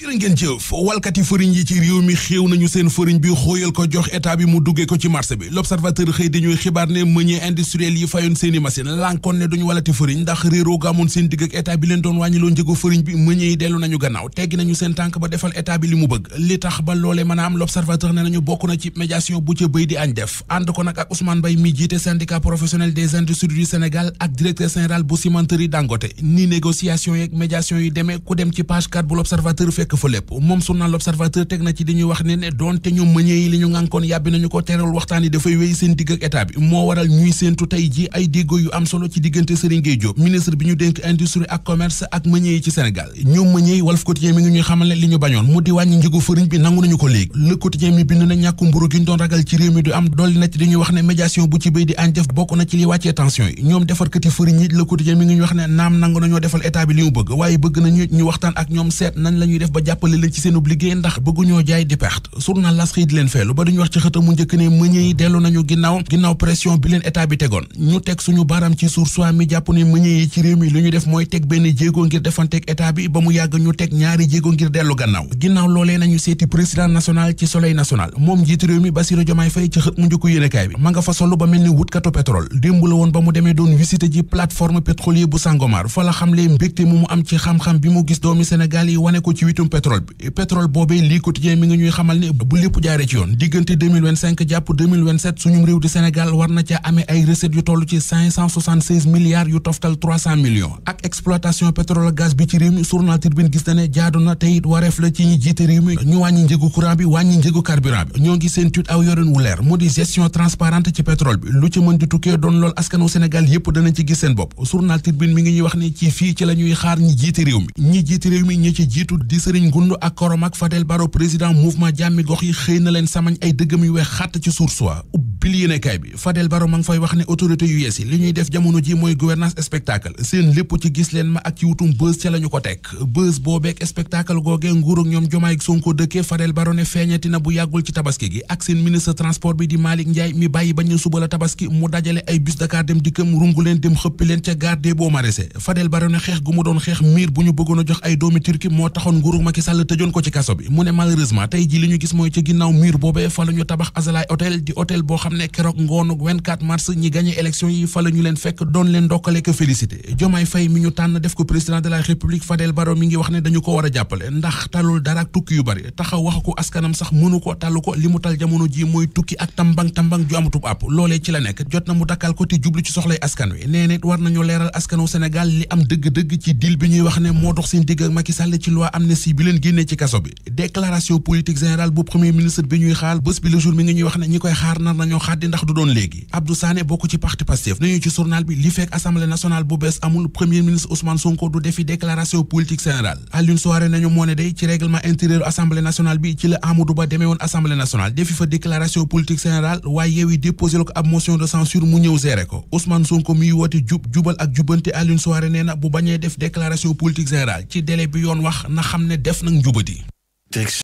jërë ngeen jëf walkati fëriñ yi ci réew mi xéew nañu seen fëriñ bi xóoyal ko jox état bi mu duggee ko ci marché bi l'observateur xëy dañuy xibaar ne meunier industriel yi fayoon seen i machine lànkoon ne duñu walati fëriñ ndax réeroo ga amoon seen digg ak état bi leen doon wàññiloo njëgu fëriñ bi meunier dellu nañu gannaaw teggi nañu seen tànk ba defal état bi li mu bëgg li tax ba loolee mën a am l'observateur ne nañu bokk na ci médiation bu ca bëy di añ def ànd ko nag ak Ousmane Bay mi jiite fekk fa lépp moom journal l'observateur teg na ci di ñuy wax ne ne doonte ñoom mëñee yi li ngànkoon yàbbi nañu ko teral waxtaan yi dafay wéy seen digg ak bi moo waral ñuy séentu tey ji ay déggoo yu am solo ci diggante Serigne Gueye Diop ministre bi ñu dénk industrie ak commerce ak mëñee yi ci Sénégal ñoom mëñee yi Walf Quotidien mi ngi ñuy xamal li ñu bañoon mu di wàññi njëgu fëriñ bi nangu nañu ko léegi Le Quotidien mi bind na ñàkku mburu gi ñu doon ragal ba jàppale la ci seen liggéey ndax bëgguñoo jaay di perte journal L'As xëy leen fay ba duñu wax ci xëta mu njëkk ne mëñe yi dellu nañu ginnaaw ginnaaw pression teg suñu def mooy teg benn jéego ngir defanteeg état bi ba mu yàgg ñu teg ñaari jéego ngir dellu gannaaw ginnaaw loolee nañu seeti président national ci soleil national moom njiitu réew mi Bassirou Diomaye Faye ci xët mu njëkk yéenekaay bi ma nga fa solu ba mel ni wutkatu pétrole démb la woon ba mu demee doon visité ji plateforme ko mbiccum boobee lii quotidien mi ngi ñuy xamal ne bu lépp jaaree ci yoon diggante jàpp 2027 réew di Sénégal war na ca amee ay recettes yu toll ci milliards yu toftal millions ak exploitation pétrole bi ci réew gis na ne jaadu na te wareef la ci ñi jiite réew mi ñu wàññi njëgu courant bi wàññi njëgu carburant bi ñoo ngi seen tut aw yorin wu leer mu di gestion transparente ci pétrole bi lu ci mën di tukkee doon lool askanu Sénégal yépp danañ Serigne Goundou ak fa Fadel Baro président ma jàmmi gox yi xëy na leen samañ ay dëggam yu weex xàtt ci sursoi pilier yéenekaay bi Fadel Barro ma ngi fay wax li ñuy def jamono ji mooy gouvernance spectacle seen lépp ci leen ma ak ci wutum ko teg bës boobeek spectacle googee nguur ñoom Jomaay ak dëkkee Fadel Barro ne feeñati bu yàggul ci tabaski gi ak seen ministre transport bi di Malick Ndiaye mi bàyyi bañ a suba la mu dajale ay bus Dakar dem dikkam leen dem xëppi leen ca gare des beaux xeex gu mu doon xeex miir bu ñu bëggoon a jox ay doomi Turki moo taxoon nguurug Macky Sall tëjoon ko ci kaso bi mu ne malheureusement tey ji li ñu gis mooy ca ginnaaw miir boobee fa la ñu tabax Azalaï hôtel di hôtel boo xam xam ne keroog ngoonu 24 mars ñi gagné élection yi fa la ñu leen fekk doon leen ndokkale félicité Diomaye Faye mi ñu tànn def ko président de la République Fadel Barro mi ngi wax ne dañu ko war a jàppale ndax talul dara tukki yu bari taxaw wax ko askanam sax mënu ko talu ko li mu tal jamono ji mooy tukki ak tambang tambang ju amatub àpp loolee ci la nekk jot na mu dakkal ko te jublu ci soxlay askan wi nee nit war nañu leeral askanu Sénégal li am dëgg-dëgg ci deal bi ñuy wax ne moo dox le jour mi ngi ñuy wax ne ñi koy xaar nar nañoo xaddi ndax du doon léegi Abdou Sané bokk ci parti Pastef nañu ci journal bi li fekk assemblée nationale bu bees amul premier ministre Ousmane Sonko du defi déclaration politique générale Alioune Souaré nañu moo ne day ci règlement intérieur assemblée nationale bi ci la Amadou Ba demee woon assemblée nationale defi fa déclaration politique générale waaye Yewwi déposé la ko ab motion de censure mu ñëw géré ko Ousmane Sonko miy woote jubal ak jubante Alioune def déclaration politique générale ci délai bi wax na xam ne def nag njubadi